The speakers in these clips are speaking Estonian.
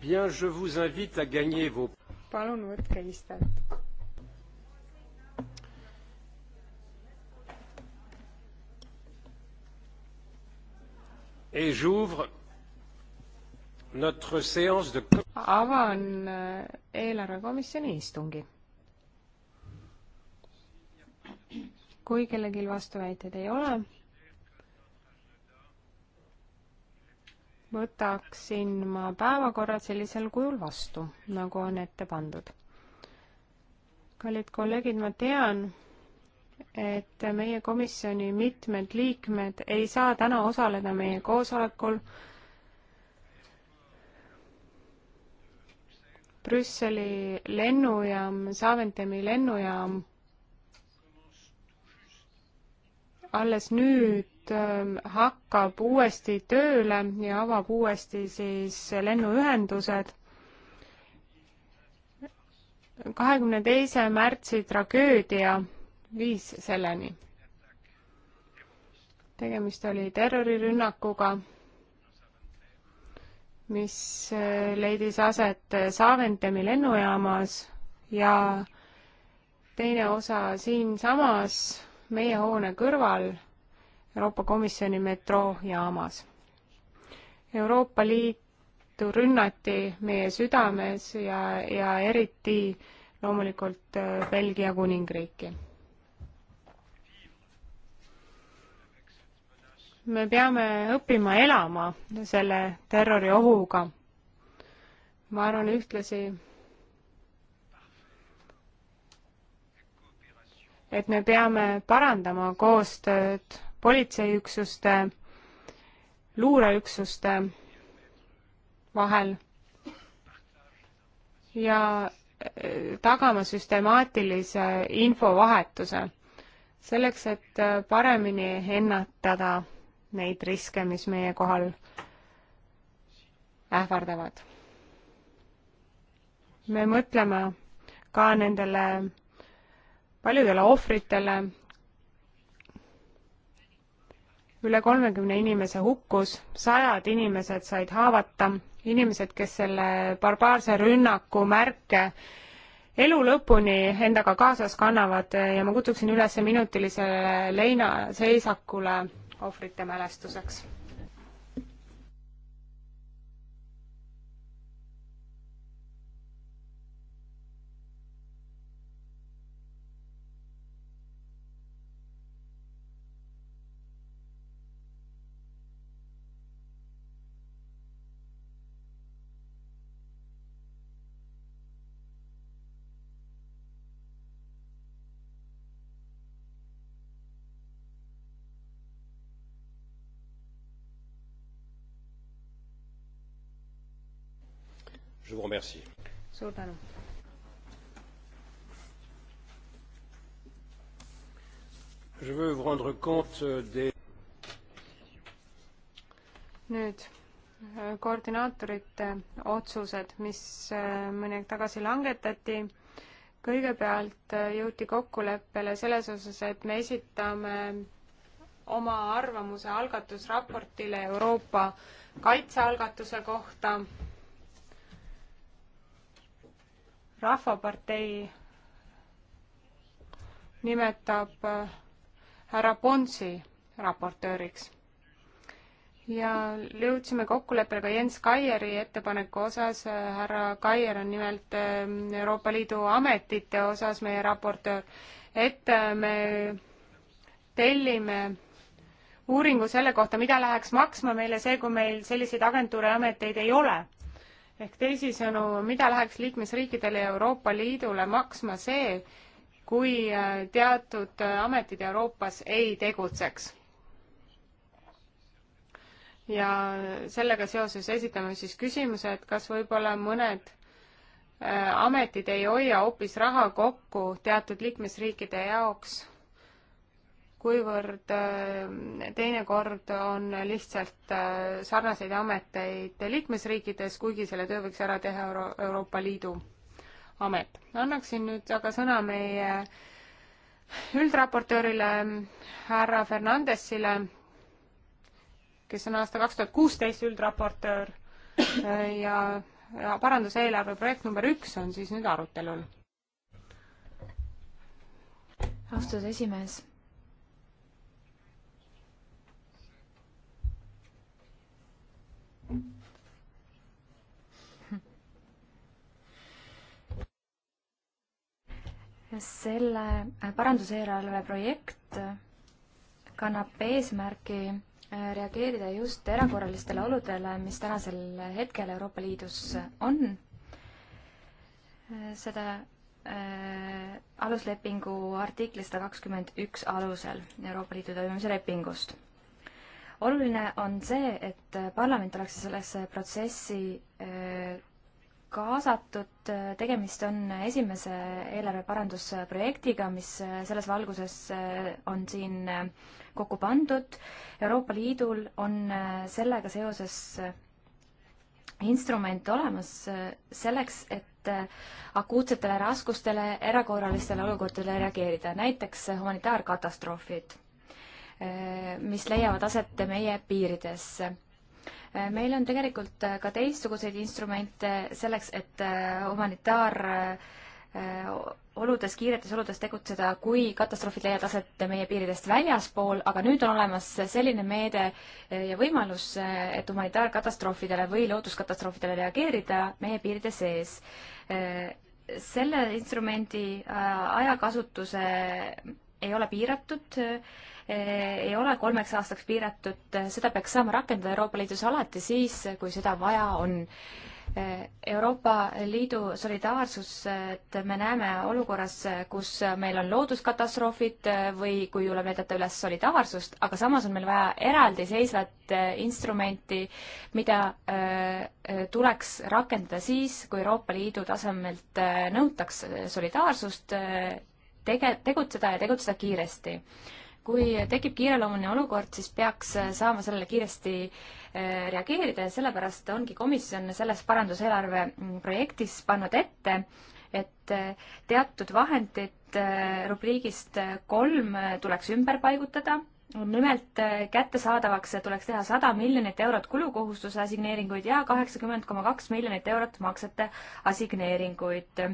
Bien, je vous invite à gagner vos... palun võtke istet. Et j'ouvre notre séance de... avan äh, eelarvekomisjoni istungi. kui kellelgi vastuväiteid ei ole võtaksin ma päevakorrad sellisel kujul vastu, nagu on ette pandud. kallid kolleegid, ma tean, et meie komisjoni mitmed liikmed ei saa täna osaleda meie koosolekul Brüsseli lennujaam, Saventemi lennujaam alles nüüd nüüd ähm, hakkab uuesti tööle ja avab uuesti siis lennuühendused. kahekümne teise märtsi tragöödia viis selleni. tegemist oli terrorirünnakuga, mis äh, leidis aset Saventemi lennujaamas ja teine osa siinsamas meie hoone kõrval Euroopa Komisjoni metroojaamas. Euroopa Liitu rünnati meie südames ja, ja eriti loomulikult äh, Belgia kuningriiki. me peame õppima elama selle terroriohuga. ma arvan ühtlasi, et me peame parandama koostööd politseiüksuste, luureüksuste vahel ja eh, tagama süstemaatilise infovahetuse selleks, et eh, paremini ennetada neid riske, mis meie kohal ähvardavad. me mõtleme ka nendele paljudele ohvritele, üle kolmekümne inimese hukkus, sajad inimesed said haavata, inimesed, kes selle barbaarse rünnaku märke elu lõpuni endaga kaasas kannavad ja ma kutsuksin üles minutilisele leinaseisakule ohvrite mälestuseks je vous remercie. suur tänu. Je veux vous rendre compte euh, des nüüd äh, koordinaatorite otsused, mis äh, mõni aeg tagasi langetati. kõigepealt äh, jõuti kokkuleppele selles osas, et me esitame oma arvamuse algatusraportile Euroopa kaitsealgatuse kohta rahvapartei nimetab äh, härra Ponsi raportööriks. ja jõudsime kokkuleppele ka Jens Kaieri ettepaneku osas, äh, härra Kaier on nimelt ähm, Euroopa Liidu ametite osas meie raportöör, et äh, me tellime uuringu selle kohta, mida läheks maksma meile see, kui meil selliseid agentuure ja ameteid ei ole ehk teisisõnu, mida läheks liikmesriikidele ja Euroopa Liidule maksma see, kui äh, teatud äh, ametid Euroopas ei tegutseks? ja sellega seoses esitame siis küsimuse, et kas võib-olla mõned äh, ametid ei hoia hoopis raha kokku teatud liikmesriikide jaoks kuivõrd äh, teinekord on lihtsalt äh, sarnaseid ameteid liikmesriikides, kuigi selle töö võiks ära teha Euro Euroopa Liidu amet. annaksin nüüd aga sõna meie üldraportöörile härra Fernandesile, kes on aasta kaks tuhat kuusteist üldraportöör äh, ja, ja paranduseelarve projekt number üks on siis nüüd arutelul. austatud esimees selle äh, paranduseelarve projekt äh, kannab eesmärki äh, reageerida just erakorralistele oludele, mis tänasel hetkel Euroopa Liidus on. seda äh, aluslepingu artikli sada kakskümmend üks alusel Euroopa Liidu toimimise lepingust. oluline on see, et parlament oleks sellesse protsessi äh, kaasatud, tegemist on esimese eelarveparandusprojektiga, mis selles valguses on siin kokku pandud. Euroopa Liidul on sellega seoses instrument olemas selleks, et akuutsetele raskustele, erakorralistele olukordadele reageerida, näiteks humanitaarkatastroofid, mis leiavad aset meie piirides Äh, meil on tegelikult äh, ka teistsuguseid instrumente selleks, et äh, humanitaar oludes, kiiretes oludes tegutseda, kui katastroofid leiavad aset meie piiridest väljaspool, aga nüüd on olemas selline meede ja võimalus, et humanitaarkatastroofidele või looduskatastroofidele reageerida meie piiride sees. selle instrumendi ajakasutuse ei ole piiratud Eh, ei ole kolmeks aastaks piiratud, eh, seda peaks saama rakendada Euroopa Liidus alati siis, kui seda vaja on. Eh, Euroopa Liidu solidaarsust me näeme olukorras, kus meil on looduskatastroofid või kui tuleb näidata üles solidaarsust, aga samas on meil vaja eraldiseisvat instrumenti, mida tuleks rakendada siis, kui Euroopa Liidu tasemelt nõutakse solidaarsust, tege-, tegutseda ja tegutseda kiiresti kui tekib kiireloomuline olukord, siis peaks äh, saama sellele kiiresti äh, reageerida ja sellepärast ongi komisjon selles paranduseelarve mm, projektis pannud ette, et äh, teatud vahendid rubriigist kolm tuleks ümber paigutada nimelt kättesaadavaks tuleks teha sada miljonit eurot kulukohustuse assigneeringuid ja kaheksakümmend koma kaks miljonit eurot maksete assigneeringuid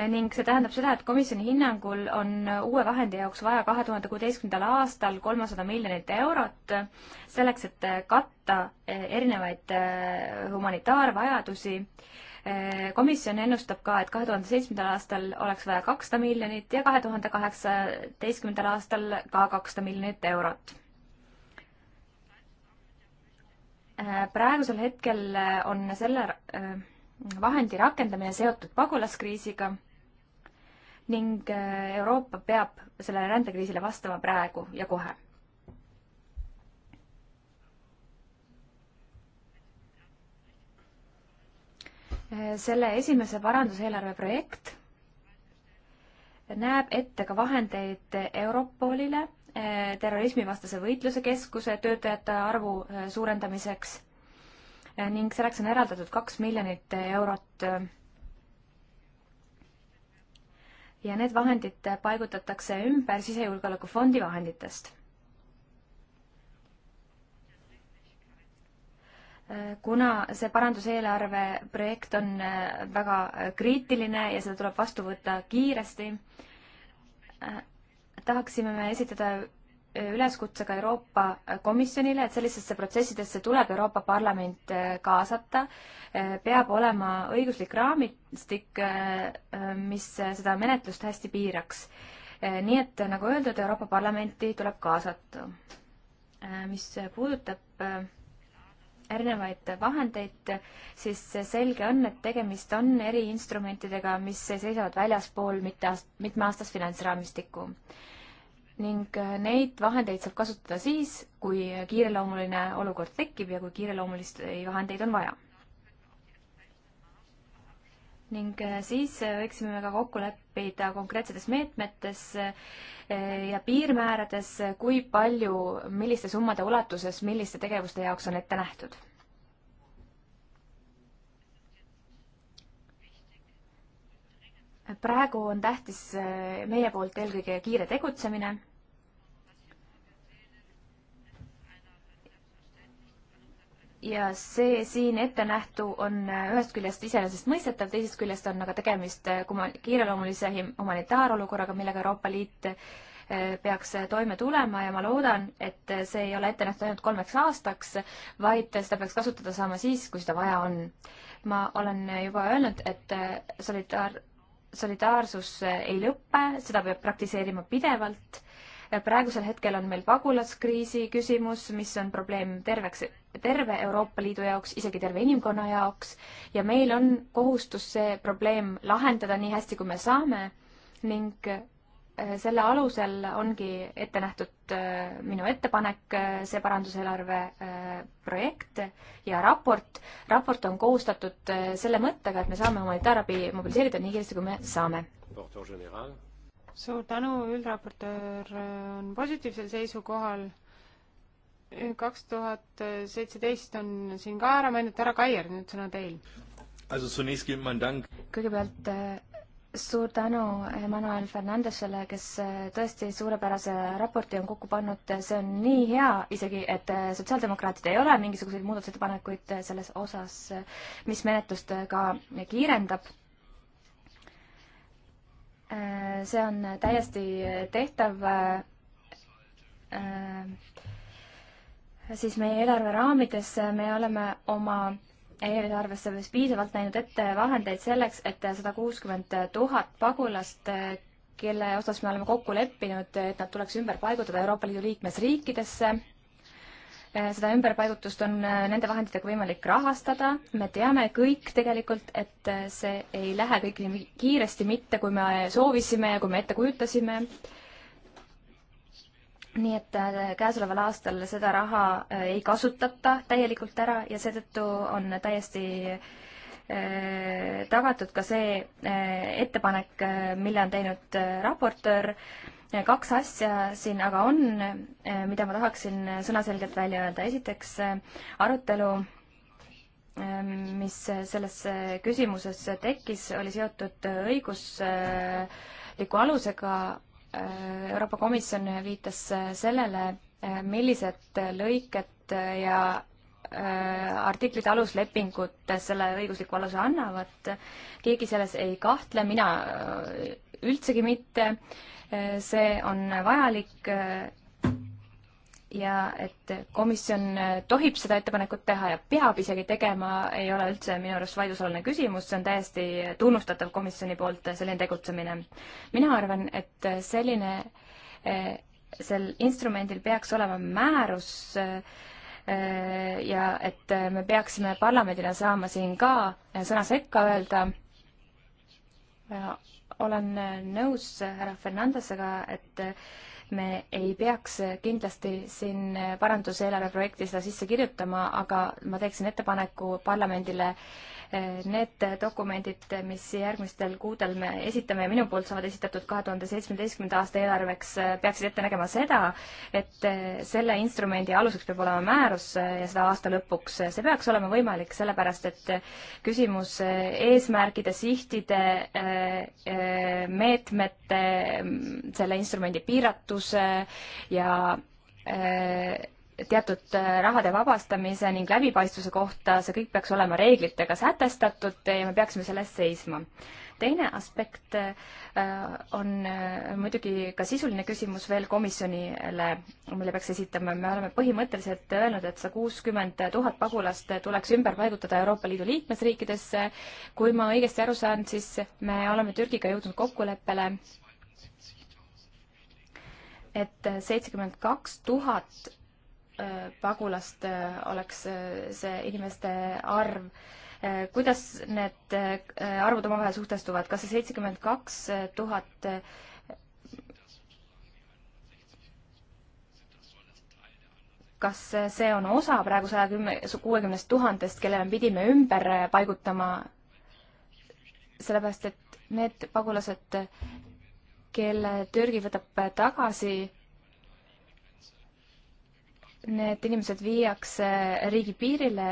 ning see tähendab seda, et komisjoni hinnangul on uue vahendi jaoks vaja kahe tuhande kuueteistkümnendal aastal kolmsada miljonit eurot selleks, et katta eh, erinevaid eh, humanitaarvajadusi eh, komisjon ennustab ka, et kahe tuhande seitsmendal aastal oleks vaja kakssada miljonit ja kahe tuhande kaheksateistkümnendal aastal ka kakssada miljonit eurot. praegusel hetkel on selle vahendi rakendamine seotud pagulaskriisiga ning äh, Euroopa peab sellele rändekriisile vastama praegu ja kohe. Äh, selle esimese paranduseelarve projekt näeb ette ka vahendeid Europolile, äh, terrorismivastase võitluse keskuse töötajate arvu suurendamiseks Eh, ning selleks on eraldatud kaks miljonit eurot. ja need vahendid paigutatakse ümber sisejulgeolekufondi vahenditest. Eh, kuna see paranduseelarve projekt on eh, väga kriitiline ja seda tuleb vastu võtta kiiresti, tahaksime me esitada üleskutsega Euroopa Komisjonile, et sellistesse protsessidesse tuleb Euroopa Parlament äh, kaasata, äh, peab olema õiguslik raamistik, äh, mis seda menetlust hästi piiraks. nii et nagu öeldud, Euroopa Parlamenti tuleb kaasata. mis puudutab erinevaid vahendeid, siis selge on, et tegemist on eriinstrumentidega, mis seisavad väljaspool mitte aast-, mitmeaastast finantsraamistikku ning äh, neid vahendeid saab kasutada siis, kui kiireloomuline olukord tekib ja kui kiireloomulist äh, vahendeid on vaja. ning äh, siis võiksime ka kokku leppida konkreetsetes meetmetes ja piirmäärades, kui palju, milliste summade ulatuses, milliste tegevuste jaoks on ette nähtud praegu on tähtis äh, meie poolt eelkõige kiire tegutsemine. ja see siin ette nähtu on äh, ühest küljest iseenesestmõistetav, teisest küljest on aga tegemist äh, kiireloomulise humanitaarolukorraga, millega Euroopa Liit peaks toime tulema ja ma loodan, et see ei ole ette nähtud ainult kolmeks aastaks, vaid seda peaks kasutada saama siis, kui seda vaja on. ma olen juba öelnud, et solidaar-, solidaarsus ei lõpe, seda peab praktiseerima pidevalt. praegusel hetkel on meil pagulaskriisi küsimus, mis on probleem terveks, terve Euroopa Liidu jaoks, isegi terve inimkonna jaoks ja meil on kohustus see probleem lahendada nii hästi, kui me saame ning Äh, selle alusel ongi ette nähtud äh, minu ettepanek, äh, see paranduseelarve projekt ja raport. raport on koostatud selle mõttega, et me saame humanitaarabi mobiliseerida nii kiiresti, kui me saame. suur tänu, üldraportöör on positiivsel seisukohal. kaks tuhat seitseteist on siin ka ära mainitud, härra Kaier, nüüd sõna teil. kõigepealt suur tänu Emmanuel Fernandesele, kes äh, tõesti suurepärase raporti on kokku pannud, see on nii hea isegi, et äh, sotsiaaldemokraatid ei ole mingisuguseid muudatusettepanekuid äh, selles osas, mis menetlust ka kiirendab. see on täiesti tehtav siis meie eelarve raamides me oleme oma eelarvesse piisavalt näinud ette vahendeid selleks, et sada kuuskümmend tuhat pagulast, kelle osas me oleme kokku leppinud, et nad tuleks ümber paigutada Euroopa Liidu liikmesriikidesse. seda ümberpaigutust on nende vahenditega võimalik rahastada, me teame kõik tegelikult, et see ei lähe kõik nii kiiresti mitte, kui me soovisime ja kui me ette kujutasime nii et äh, käesoleval aastal seda raha äh, ei kasutata täielikult ära ja seetõttu on täiesti äh, tagatud ka see ettepanek, mille on teinud raportöör. kaks asja siin aga on, mida ma tahaksin sõnaselgelt välja öelda. esiteks arutelu mis selles küsimuses tekkis, oli seotud õigusliku alusega Euroopa Komisjon viitas sellele, millised lõiked ja äh, artiklid aluslepingut selle õigusliku aluse annavad. keegi selles ei kahtle, mina äh, üldsegi mitte. Äh, see on vajalik ja et komisjon äh, tohib seda ettepanekut teha ja peab isegi tegema, ei ole üldse minu arust vaidlusolune küsimus, see on täiesti tunnustatav komisjoni poolt, äh, selline tegutsemine. mina arvan, et äh, selline, sel instrumendil peaks olema määrus ja et me peaksime parlamendina saama siin ka sõna sekka öelda. olen nõus härra Fernandesega, et me ei peaks kindlasti siin paranduse eelarve projekti seda sisse kirjutama, aga ma teeksin ettepaneku parlamendile äh, Need dokumendid, mis järgmistel kuudel me esitame ja minu poolt saavad esitatud kahe tuhande seitsmeteistkümnenda aasta eelarveks, peaksid ette nägema seda, et eh, selle instrumendi aluseks peab olema määrus eh, ja seda aasta lõpuks. see peaks olema võimalik, sellepärast et eh, küsimus eesmärkide, sihtide, meetmete, mm, selle instrumendi piiratuse ja teatud äh, rahade vabastamise ning läbipaistvuse kohta, see kõik peaks olema reeglitega sätestatud ja me peaksime selle eest seisma. teine aspekt äh, on äh, muidugi ka sisuline küsimus veel komisjonile, mille peaks esitama. me oleme põhimõtteliselt öelnud, et see kuuskümmend tuhat pagulast tuleks ümber paigutada Euroopa Liidu liikmesriikidesse. kui ma õigesti aru saan, siis me oleme Türgiga jõudnud kokkuleppele, et seitsekümmend kaks tuhat Äh, pagulast äh, oleks äh, see inimeste arv. kuidas need arvud omavahel suhtestuvad, kas see seitsekümmend kaks tuhat kas see on osa praegu saja kümne, kuuekümnest tuhandest, kellele me pidime ümber paigutama? sellepärast, et need pagulased, kelle Türgi võtab tagasi, need inimesed viiakse riigipiirile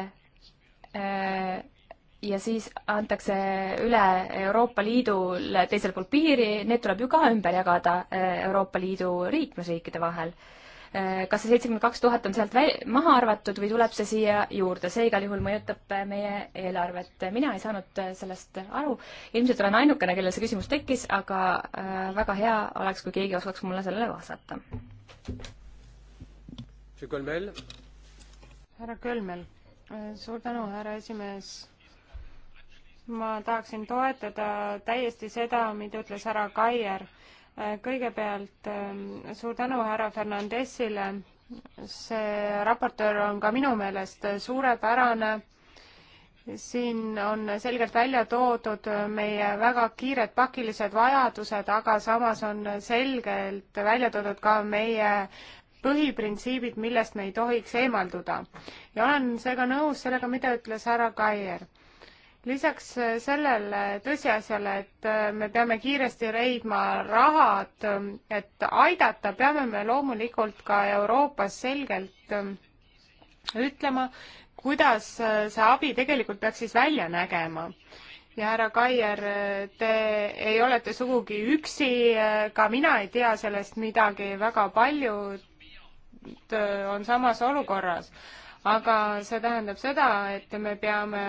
äh, ja siis antakse üle Euroopa Liidule teisel pool piiri, need tuleb ju ka ümber jagada äh, Euroopa Liidu liikmesriikide vahel. Äh, kas see seitsekümmend kaks tuhat on sealt maha arvatud või tuleb see siia juurde, see igal juhul mõjutab meie eelarvet. mina ei saanud sellest aru, ilmselt olen ainukene, kellel see küsimus tekkis, aga väga hea oleks, kui keegi oskaks mulle sellele vastata härra Kölmel, suur tänu, härra esimees. ma tahaksin toetada täiesti seda, mida ütles härra Kaier. kõigepealt suur tänu härra Fernandesile. see raportöör on ka minu meelest suurepärane siin on selgelt välja toodud meie väga kiired pakilised vajadused, aga samas on selgelt välja toodud ka meie põhiprintsiibid, millest me ei tohiks eemalduda. ja olen seega nõus sellega, mida ütles härra Kaier. lisaks sellele tõsiasjale, et äh, me peame kiiresti leidma rahad, ähm, et aidata, peame me loomulikult ka Euroopas selgelt ähm, ütlema, kuidas äh, see abi tegelikult peaks siis välja nägema ja härra Kaier, äh, te ei olete sugugi üksi, ka mina ei tea sellest midagi, väga paljud Äh, on samas olukorras. aga see tähendab seda, et me peame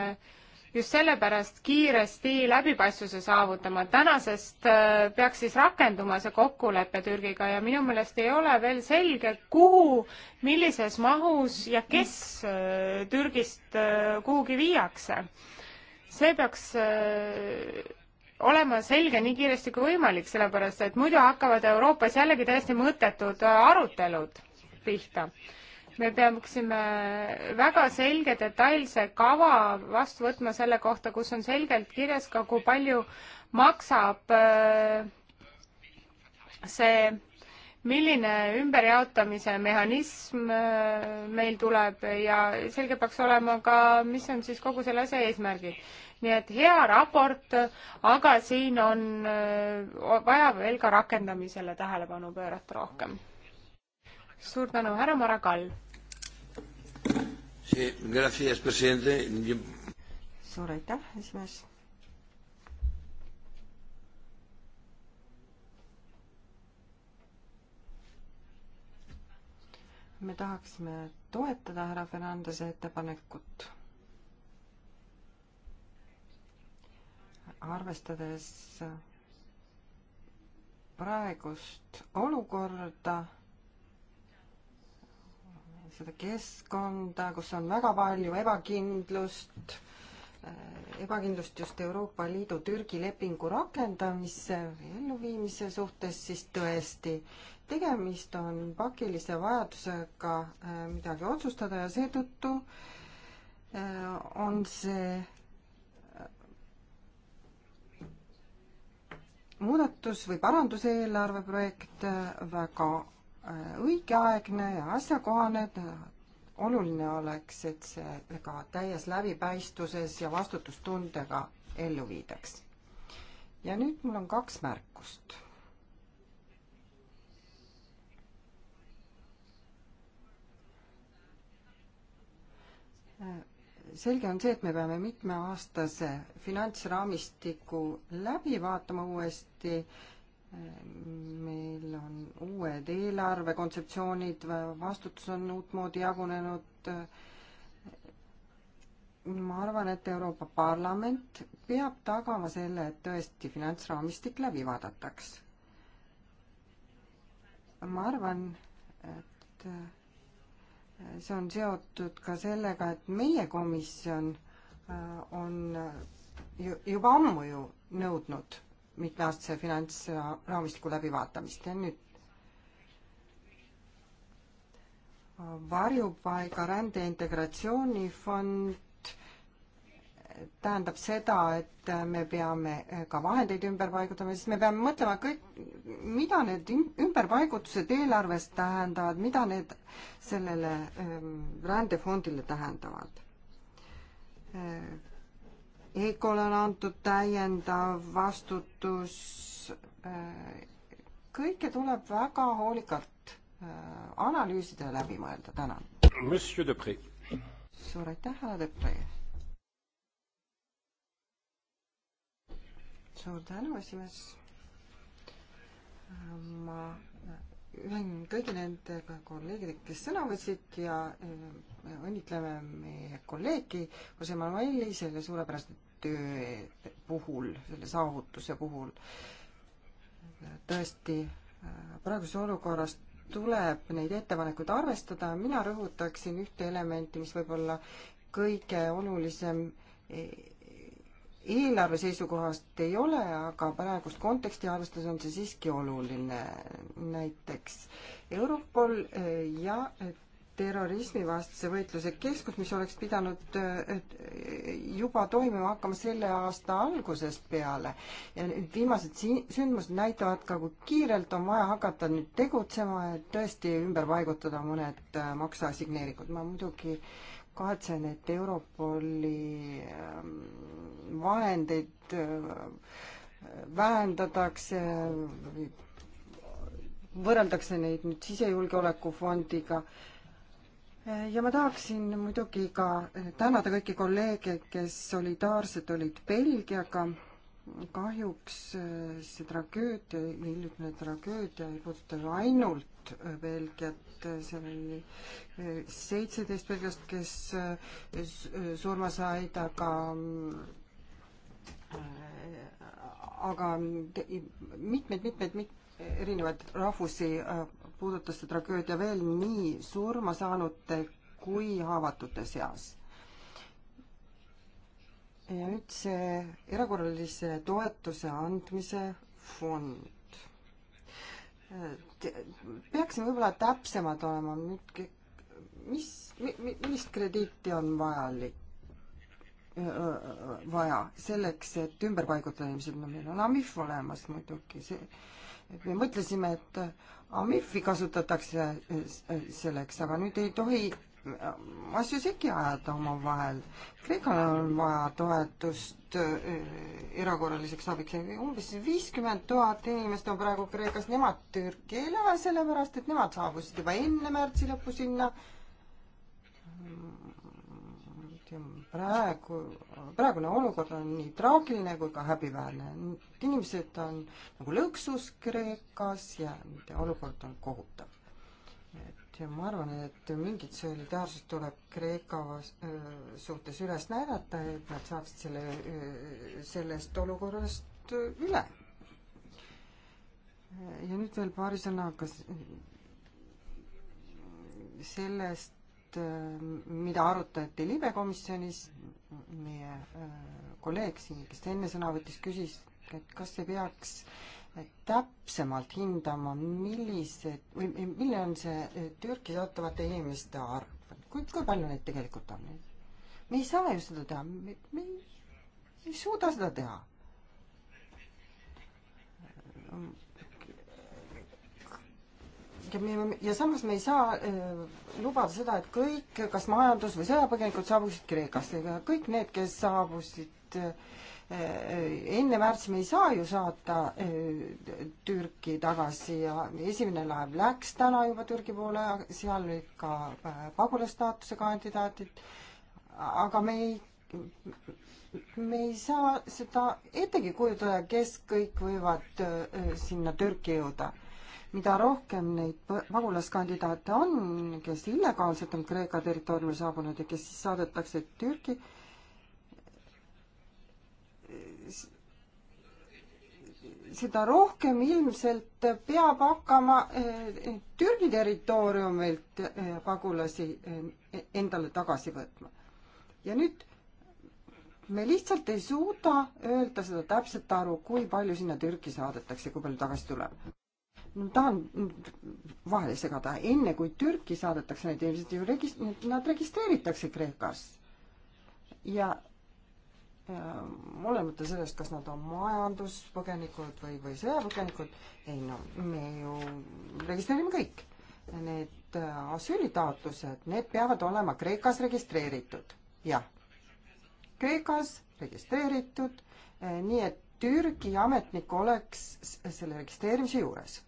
just sellepärast kiiresti läbipaistvuse saavutama. tänasest äh, peaks siis rakenduma see kokkulepe Türgiga ja minu meelest ei ole veel selge, kuhu, millises mahus ja kes äh, Türgist kuhugi viiakse. see peaks olema selge nii kiiresti kui võimalik, sellepärast et muidu hakkavad Euroopas jällegi täiesti mõttetud arutelud pihta. me peaksime väga selge detailse kava vastu võtma selle kohta, kus on selgelt kirjas ka, kui palju maksab äh, see milline ümberjaotamise mehhanism äh, meil tuleb ja selge peaks olema ka, mis on siis kogu selle asja eesmärgid. nii et hea raport, aga siin on äh, vaja veel ka rakendamisele tähelepanu pöörata rohkem suur tänu, härra Maragall. suur aitäh, esimees. me tahaksime toetada härra Fernandese ettepanekut. arvestades praegust olukorda seda keskkonda, kus on väga palju ebakindlust, ebakindlust just Euroopa Liidu Türgi lepingu rakendamise või elluviimise suhtes, siis tõesti, tegemist on pakilise vajadusega äh, midagi otsustada ja seetõttu äh, on see äh, muudatus või paranduseelarve projekt väga Äh, õigeaegne ja asjakohane, äh, oluline oleks, et see ka täies läbipaistvuses ja vastutustundega ellu viidaks. ja nüüd mul on kaks märkust. Äh, selge on see, et me peame mitmeaastase finantsraamistiku läbi vaatama uuesti äh, meil on uued eelarvekontseptsioonid, vastutus on uutmoodi jagunenud. ma arvan, et Euroopa Parlament peab tagama selle, et tõesti finantsraamistik läbi vaadataks. ma arvan, et see on seotud ka sellega, et meie komisjon on juba ammu ju nõudnud mitmeaastase finantsraamistiku läbivaatamist ja nüüd varjupaiga rände integratsioonifond tähendab seda, et me peame ka vahendeid ümber paigutama, siis me peame mõtlema kõik, mida need ümberpaigutused eelarves tähendavad, mida need sellele ähm, rändefondile tähendavad äh, EKOL on antud täiendav vastutus. Äh, kõike tuleb väga hoolikalt äh, analüüsida ja läbi mõelda, tänan. Monsieur Depree. suur aitäh, härra Depree. suur tänu, esimees. Äh, ma ühinen kõigi nendega kolleegidega, kes sõna võtsid ja äh, õnnitleme meie kolleegi Jose Manueli selle suurepärase töö puhul, selle saavutuse puhul. tõesti, äh, praeguses olukorras tuleb neid ettepanekuid arvestada, mina rõhutaksin ühte elementi, mis võib olla kõige olulisem e, eelarve seisukohast ei ole, aga praegust konteksti arvestades on see siiski oluline. näiteks Europol eh, ja eh, terrorismivastase võitluse keskus, mis oleks pidanud eh, juba toimima hakkama selle aasta algusest peale. ja nüüd viimased sündmused näitavad ka, kui kiirelt on vaja hakata nüüd tegutsema, et tõesti ümber paigutada mõned makseassigneeringud. ma muidugi äh, kahetsen, et Europoli ähm, vahendeid äh, vähendatakse, võrreldakse neid nüüd sisejulgeolekufondiga. Äh, ja ma tahaksin muidugi ka tänada kõiki kolleege, kes solidaarsed olid Belgiaga. kahjuks äh, see tragöödia, hiljutine tragöödia ei puuduta ju ainult Belgiat, seal oli eh, seitseteist belglast, kes eh, eh, surma said, aga aga mitmeid-mitmeid erinevaid rahvusi puudutas see tragöödia veel nii surma saanute kui haavatute seas. ja nüüd see erakorralise toetuse andmise fond peaksime võib-olla täpsemad olema, mis, millist krediiti on vajalik, vaja selleks, et ümber paigutada inimesed, no meil on AMIF olemas muidugi, see, me mõtlesime, et AMIF-i kasutatakse äh, äh, selleks, aga nüüd ei tohi asju segi ajada omavahel. Kreekal on vaja toetust eh, erakorraliseks abiks, umbes viiskümmend tuhat inimest on praegu Kreekas, nemad Türki ei lähe, sellepärast et nemad saabusid juba enne märtsi lõppu sinna. praegu, praegune olukord on nii traagiline kui ka häbiväärne. inimesed on nagu lõksus Kreekas ja nende olukord on kohutav ja ma arvan, et mingit solidaarsust tuleb Kreeka suhtes üles näidata, et nad saaksid selle, sellest olukorrast üle. ja nüüd veel paari sõnaga sellest, mida arutati libe komisjonis, meie kolleeg siin, kes enne sõna võttis, küsis, et kas ei peaks äh, täpsemalt hindama, millised või milline on see eh, Türgis ootavate inimeste arv, kui, kui palju neid tegelikult on? me ei saa ju seda teha, me, me ei suuda seda teha. ja me, ja samas me ei saa äh, lubada seda, et kõik, kas majandus- või sõjapõgenikud saabusid Kreekasse, kõik need, kes saabusid äh, enne märtsi me ei saa ju saata äh, Türki tagasi ja esimene laev läks täna juba Türgi poole, seal olid ka äh, pagulasstaatuse kandidaadid, aga me ei, me ei saa seda ettegi kujutada, kes kõik võivad äh, sinna Türki jõuda mida rohkem neid pagulaskandidaate on, kes illegaalselt on Kreeka territooriumil saabunud ja kes siis saadetakse Türgi äh,, seda rohkem ilmselt peab hakkama eh, Türgi territooriumilt eh, pagulasi eh, endale tagasi võtma. ja nüüd me lihtsalt ei suuda öelda seda täpselt aru, kui palju sinna Türki saadetakse, kui palju tagasi tuleb. no tahan vahele segada, enne kui Türki saadetakse need inimesed ju regist-, nad registreeritakse Kreekas. ja Äh, olemata sellest, kas nad on majanduspõgenikud või, või sõjapõgenikud, ei no me ju registreerime kõik. Need äh, asüülitaotlused, need peavad olema Kreekas registreeritud, jah. Kreekas registreeritud, äh, nii et Türgi ametnik oleks selle registreerimise juures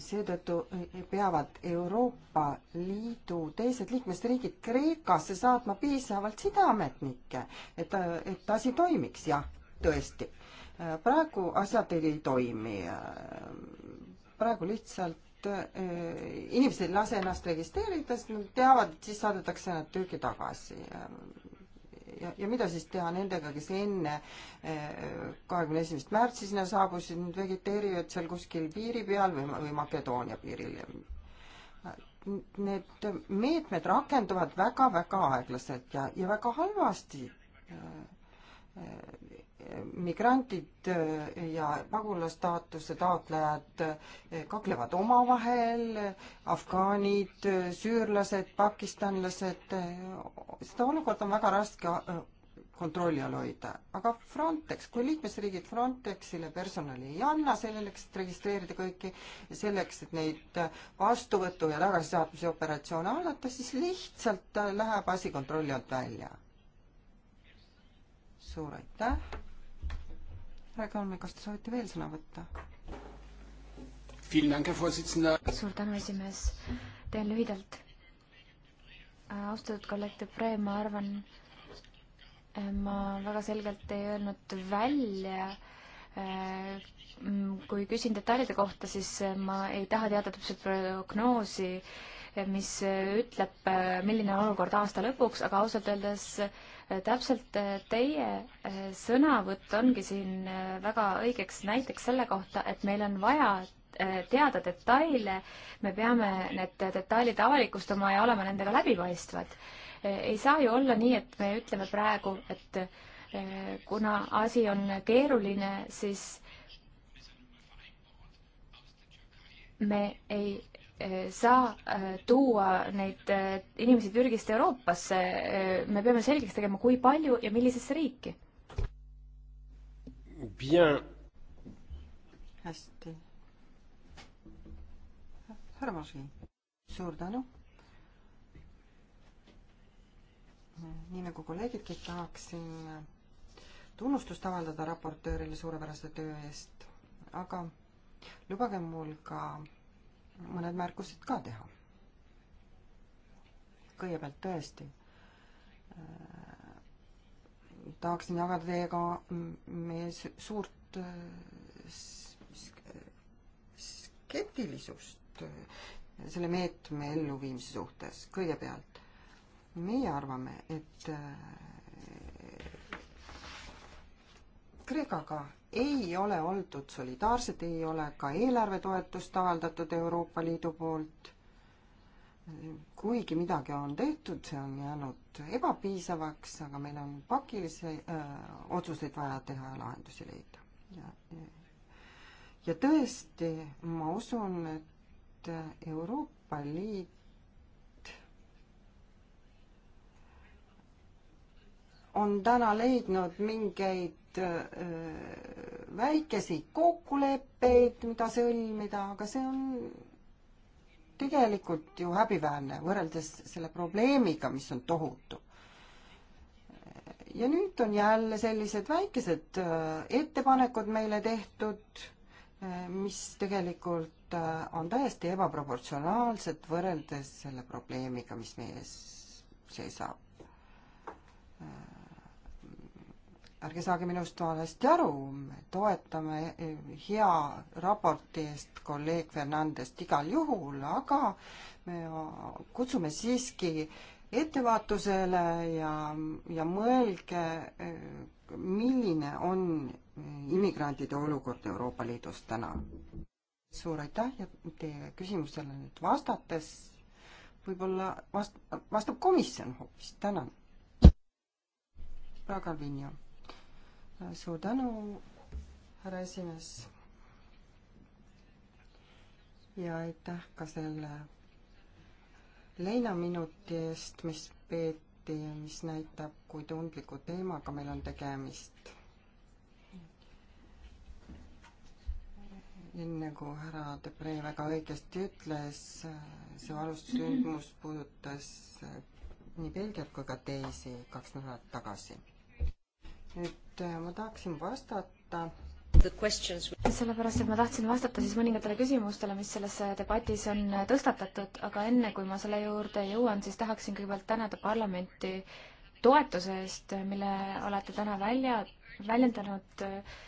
seetõttu eh, peavad Euroopa Liidu teised liikmesriigid Kreekasse saatma piisavalt sideametnikke, et, eh, et asi toimiks, jah, tõesti. Eh, praegu asjad ei toimi. praegu lihtsalt inimesed ei lase ennast registreerida, sest nad teavad, et siis saadetakse nad Türgi tagasi ja, ja mida siis teha nendega, kes enne eh, kahekümne esimest märtsi sinna saabusid, nüüd vegeteerivad seal kuskil piiri peal või, või Makedoonia piiril? Need meetmed rakenduvad väga-väga aeglaselt ja, ja väga halvasti eh, eh, migrantid eh, ja pagulasstaatuse taotlejad eh, kaklevad omavahel, afgaanid, eh, süürlased, pakistanlased, seda olukorda on väga raske kontrolli all hoida, aga Frontex, kui liikmesriigid Frontexile personali ei anna selleks, et registreerida kõiki, selleks, et neid vastuvõtu ja tagasisaatmise operatsioone hallata, siis lihtsalt läheb asi kontrolli alt välja. suur aitäh härra Kalme, kas te soovite veel sõna võtta? suur tänu, esimees. teen lühidalt. Äh, austatud kolleeg Debre, ma arvan, äh, ma väga selgelt ei öelnud välja äh, kui küsin detailide kohta, siis ma ei taha teada täpselt prognoosi äh, mis ütleb, milline on olukord aasta lõpuks, aga ausalt öeldes eh, täpselt eh, teie eh, sõnavõtt ongi siin väga õigeks näiteks selle kohta, et meil on vaja teada detaile, me peame need detailid avalikustama ja olema nendega läbipaistvad. ei saa ju olla nii, et me ütleme praegu, et kuna asi on keeruline, siis me ei saa äh, tuua neid äh, inimesi Türgist Euroopasse. Äh, me peame selgeks tegema, kui palju ja millisesse riiki. hästi. härra Maši, suur tänu. nii nagu kolleegidki, tahaksin tunnustust avaldada raportöörile suurepärase töö eest, aga lubage mul ka mõned märkused ka teha. kõigepealt tõesti äh, tahaksin jagada teiega meie suurt äh, skeptilisust äh, selle meetme elluviimise suhtes. kõigepealt meie arvame, et Kreekaga ei ole oldud solidaarsed, ei ole ka eelarvetoetust avaldatud Euroopa Liidu poolt. kuigi midagi on tehtud, see on jäänud ebapiisavaks, aga meil on pakilisi äh, otsuseid vaja teha ja lahendusi leida. ja, ja tõesti, ma usun, et Euroopa Liit on täna leidnud mingeid väikeseid kokkuleppeid, mida sõlmida, aga see on tegelikult ju häbiväärne võrreldes selle probleemiga, mis on tohutu. ja nüüd on jälle sellised väikesed ettepanekud meile tehtud, mis tegelikult on täiesti ebaproportsionaalsed võrreldes selle probleemiga, mis meie ees seisab ärge saage minust valesti aru, me toetame eh, hea raporti eest kolleeg Fernandest igal juhul, aga me kutsume siiski ettevaatusele ja, ja mõelge, eh, milline on immigrantide olukord Euroopa Liidus täna. suur aitäh ja teie küsimusele nüüd vastates võib-olla vast-, vastab komisjon hoopis, tänan. Praga Vinjo suur tänu, härra esimees. ja aitäh ka selle leinaminuti eest, mis peeti, mis näitab, kui tundliku teemaga meil on tegemist. enne kui härra Debre väga õigesti ütles, see valussündmus puudutas nii Belgiat kui ka teisi kaks nädalat tagasi nüüd äh, ma tahaksin vastata sellepärast, et ma tahtsin vastata siis mõningatele küsimustele, mis selles äh, debatis on äh, tõstatatud, aga enne kui ma selle juurde jõuan, siis tahaksin kõigepealt tänada parlamenti toetuse eest, mille olete täna välja, väljendanud äh,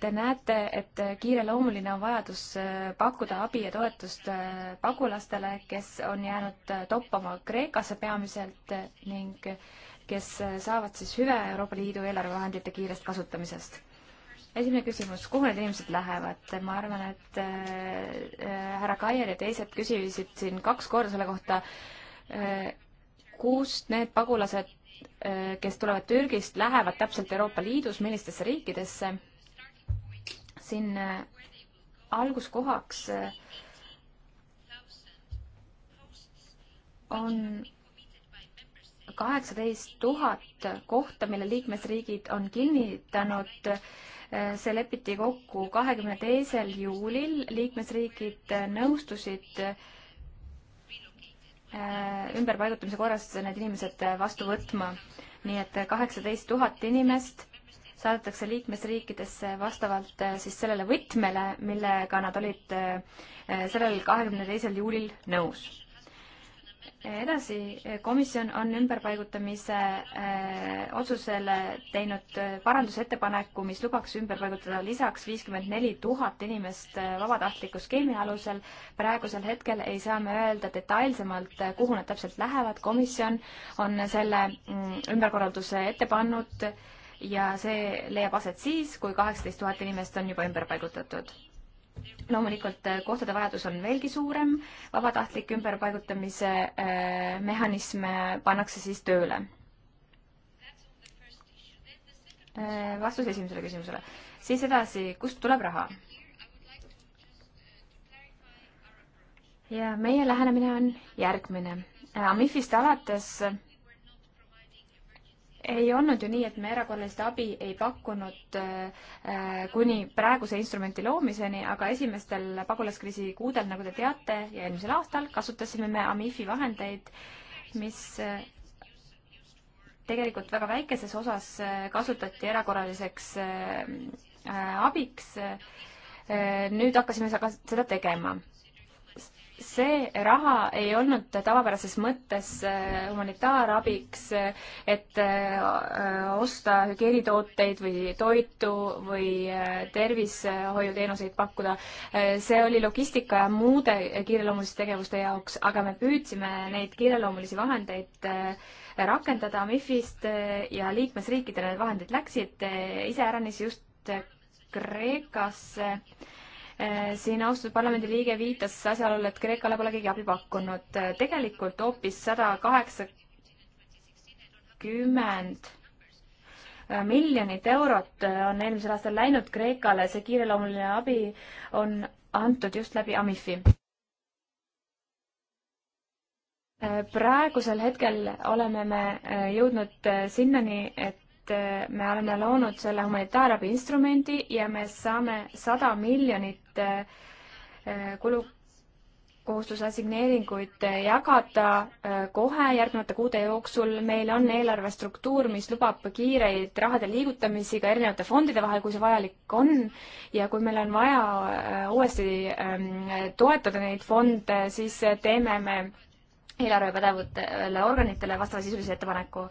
Te näete, et kiireloomuline on vajadus äh, pakkuda abi ja toetust äh, pagulastele, kes on jäänud äh, toppama Kreekasse peamiselt ning kes saavad siis hüve Euroopa Liidu eelarvevahendite kiirest kasutamisest esimene küsimus, kuhu need inimesed lähevad? ma arvan, et härra äh, Kaier ja teised küsisid siin kaks korda selle kohta äh,, kust need pagulased äh,, kes tulevad Türgist, lähevad täpselt Euroopa Liidus, millistesse riikidesse siin äh, alguskohaks äh, on kaheksateist tuhat kohta, mille liikmesriigid on kinnitanud. Äh, see lepiti kokku kahekümne teisel juulil, liikmesriigid nõustusid ümberpaigutamise korras need inimesed vastu võtma. nii et kaheksateist tuhat inimest saadetakse liikmesriikidesse vastavalt eh, siis sellele võtmele, millega nad olid eh, eh, sellel kahekümne teisel juulil nõus. edasi, komisjon on ümberpaigutamise otsusele teinud parandusettepaneku, mis lubaks ümber paigutada lisaks viiskümmend neli tuhat inimest vabatahtliku skeemi alusel. praegusel hetkel ei saa me öelda detailsemalt, kuhu nad täpselt lähevad, komisjon on selle mm, ümberkorralduse ette pannud ja see leiab aset siis, kui kaheksateist tuhat inimest on juba ümber paigutatud loomulikult eh, kohtade vajadus on veelgi suurem, vabatahtlik ümberpaigutamise eh, mehhanism eh, pannakse siis tööle. vastus esimesele küsimusele. siis edasi, kust tuleb raha? ja meie lähenemine on järgmine. Amifist alates ei olnud ju nii, et me erakorralist abi ei pakkunud äh, kuni praeguse instrumenti loomiseni, aga esimestel pagulaskriisi kuudel, nagu te teate, ja eelmisel aastal kasutasime me AMIF-i vahendeid, mis äh, tegelikult väga väikeses osas äh, kasutati erakorraliseks abiks. nüüd hakkasime seda tegema see raha ei olnud tavapärases mõttes äh, humanitaarabiks, äh, et äh, osta hügieenitooteid või toitu või tervishoiuteenuseid pakkuda. see oli logistika ja muude kiireloomuliste tegevuste jaoks, aga me püüdsime neid kiireloomulisi vahendeid rakendada MIF-ist ja liikmesriikidele need vahendid läksid iseäranis just Kreekasse Eh, siin austatud parlamendiliige viitas asjaolule, et Kreekale pole keegi abi pakkunud. Eh, tegelikult hoopis sada kaheksakümmend miljonit eurot eh, on eelmisel aastal läinud Kreekale, see kiireloomuline abi on antud just läbi Amifi. praegusel hetkel oleme me jõudnud sinnani, et et äh, me oleme loonud selle humanitaarabi instrumendi ja me saame sada miljonit äh, äh, kulu, kohustuse assigneeringuid jagada kohe järgnevate kuude jooksul. meil on eelarve struktuur, mis lubab kiireid rahade liigutamisi ka erinevate fondide vahel, kui see vajalik on. ja kui meil on vaja uuesti ähm, toetada neid fonde, siis teeme me eelarvepädevatele organitele vastavasisulise ettepaneku,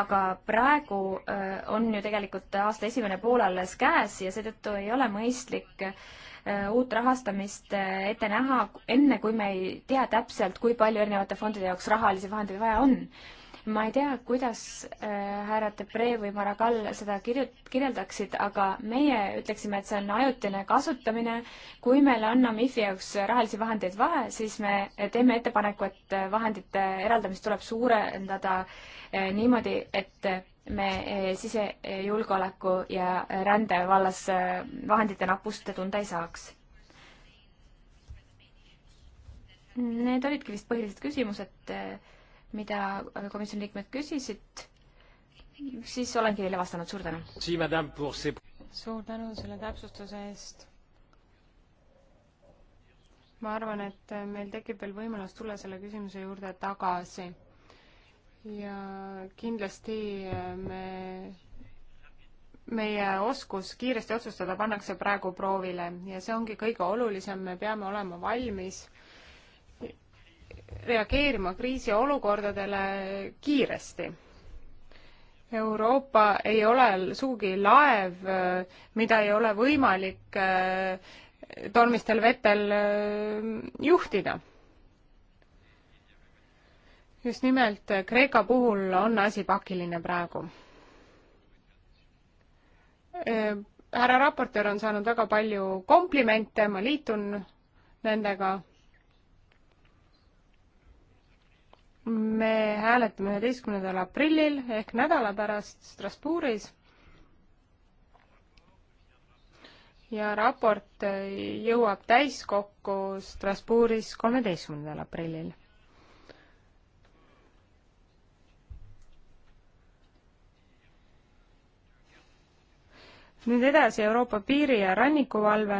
aga praegu äh, on ju tegelikult aasta esimene pool alles käes ja seetõttu ei ole mõistlik äh, uut rahastamist äh, ette näha, enne kui me ei tea täpselt, kui palju erinevate fondide jaoks rahalisi vahendeid vaja on ma ei tea, kuidas äh, härra Debre või Maragall seda kirju-, kirjeldaksid, aga meie ütleksime, et see on ajutine kasutamine. kui meil on AMIF-i jaoks rahalisi vahendeid vahe, siis me teeme ettepaneku, et äh, vahendite eraldamist tuleb suurendada äh, niimoodi, et me sisejulgeoleku ja rände vallas vahendite nappust tunda ei saaks Need olidki vist põhilised küsimused mida komisjoni liikmed küsisid, siis olengi teile vastanud, suur tänu. suur tänu selle täpsustuse eest. ma arvan, et meil tekib veel võimalus tulla selle küsimuse juurde tagasi. ja kindlasti me, meie oskus kiiresti otsustada pannakse praegu proovile ja see ongi kõige olulisem, me peame olema valmis reageerima kriisiolukordadele kiiresti. Euroopa ei ole sugugi laev, mida ei ole võimalik äh, tormistel vetel äh, juhtida. just nimelt äh, Kreeka puhul on asi pakiline praegu härra raportöör on saanud väga palju komplimente, ma liitun nendega me hääletame üheteistkümnendal aprillil ehk nädala pärast Strasbourgis ja raport jõuab täiskokku Strasbourgis kolmeteistkümnendal aprillil nüüd edasi Euroopa piiri- ja rannikuvalve.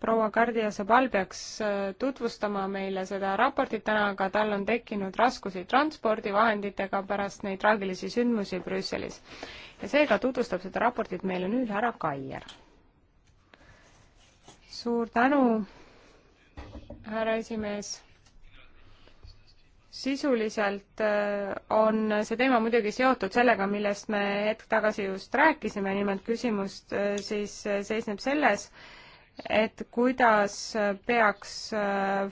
proua Kardia Sabal peaks äh, tutvustama meile seda raportit täna, aga tal on tekkinud raskusi transpordivahenditega pärast neid traagilisi sündmusi Brüsselis. ja seega tutvustab seda raportit meile nüüd härra Kaier. suur tänu, härra esimees sisuliselt äh, on see teema muidugi seotud sellega, millest me hetk tagasi just rääkisime, nimelt küsimus äh, siis äh, seisneb selles, et kuidas peaks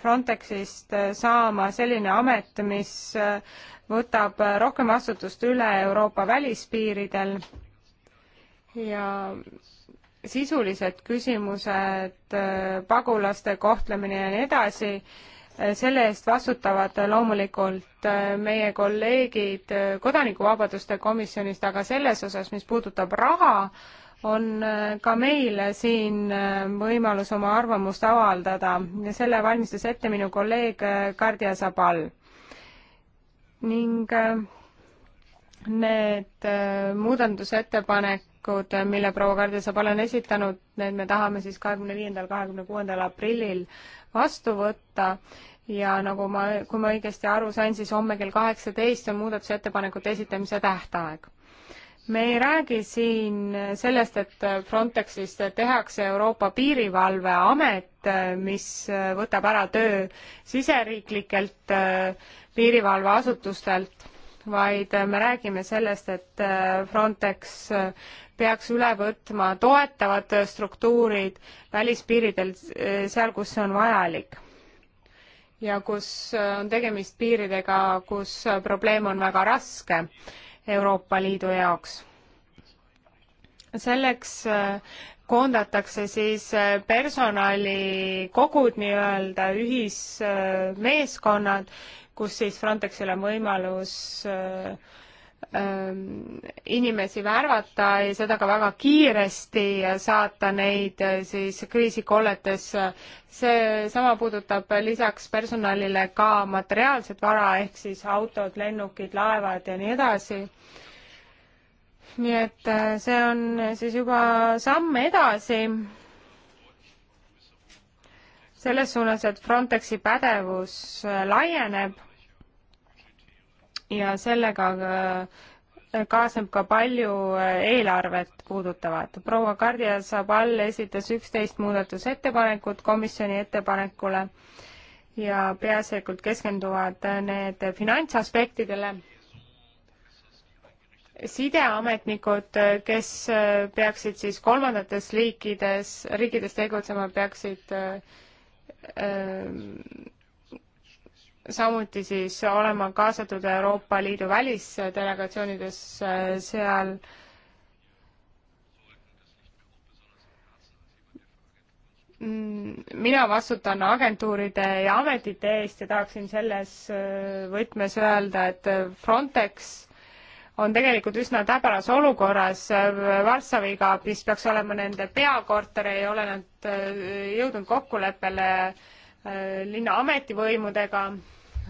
Frontexist saama selline amet, mis võtab rohkem vastutust üle Euroopa välispiiridel ja sisulised küsimused, pagulaste kohtlemine ja nii edasi selle eest vastutavad loomulikult äh, meie kolleegid äh, Kodanikuvabaduste komisjonist, aga selles osas, mis puudutab raha, on äh, ka meil siin võimalus oma arvamust avaldada ja selle valmistas ette minu kolleeg Kardia Sabal. ning need muudatusettepanekud, mille proua Kardia Sabal on esitanud, need me tahame siis kahekümne viiendal, kahekümne kuuendal aprillil vastu võtta ja nagu ma, kui ma õigesti aru sain, siis homme kell kaheksateist on muudatusettepanekute esitamise tähtaeg. me ei räägi siin sellest, et Frontexist tehakse Euroopa Piirivalveamet, mis võtab ära töö siseriiklikelt äh, piirivalveasutustelt vaid me räägime sellest, et äh, Frontex äh, peaks üle võtma toetavad äh, struktuurid välispiiridel seal, kus see on vajalik. ja kus on tegemist piiridega, kus probleem on väga raske Euroopa Liidu jaoks. selleks koondatakse siis personalikogud nii-öelda, ühismeeskonnad kus siis Frontexil on võimalus äh, ähm, inimesi värvata ja seda ka väga kiiresti saata neid äh, siis kriisikolletesse. see sama puudutab lisaks personalile ka materiaalset vara ehk siis autod, lennukid, laevad ja nii edasi. nii et äh, see on siis juba samm edasi selles suunas, et Frontexi pädevus äh, laieneb ja sellega äh, kaasneb ka palju äh, eelarvet puudutavat. proua Kardia Sabal esitas üksteist muudatusettepanekut komisjoni ettepanekule ja peaasjalikult keskenduvad need finantsaspektidele. sideametnikud, kes peaksid siis kolmandates riikides, riikides tegutsema, peaksid äh, Ehm, samuti siis olema kaasatud Euroopa Liidu välisdelegatsioonides äh, seal mm, mina vastutan agentuuride ja ametite eest ja tahaksin selles äh, võtmes öelda, et Frontex on tegelikult üsna täbaras olukorras. Äh, Varssaviga, mis peaks olema nende peakorter, ei ole nad äh, jõudnud kokkuleppele äh, linna ametivõimudega.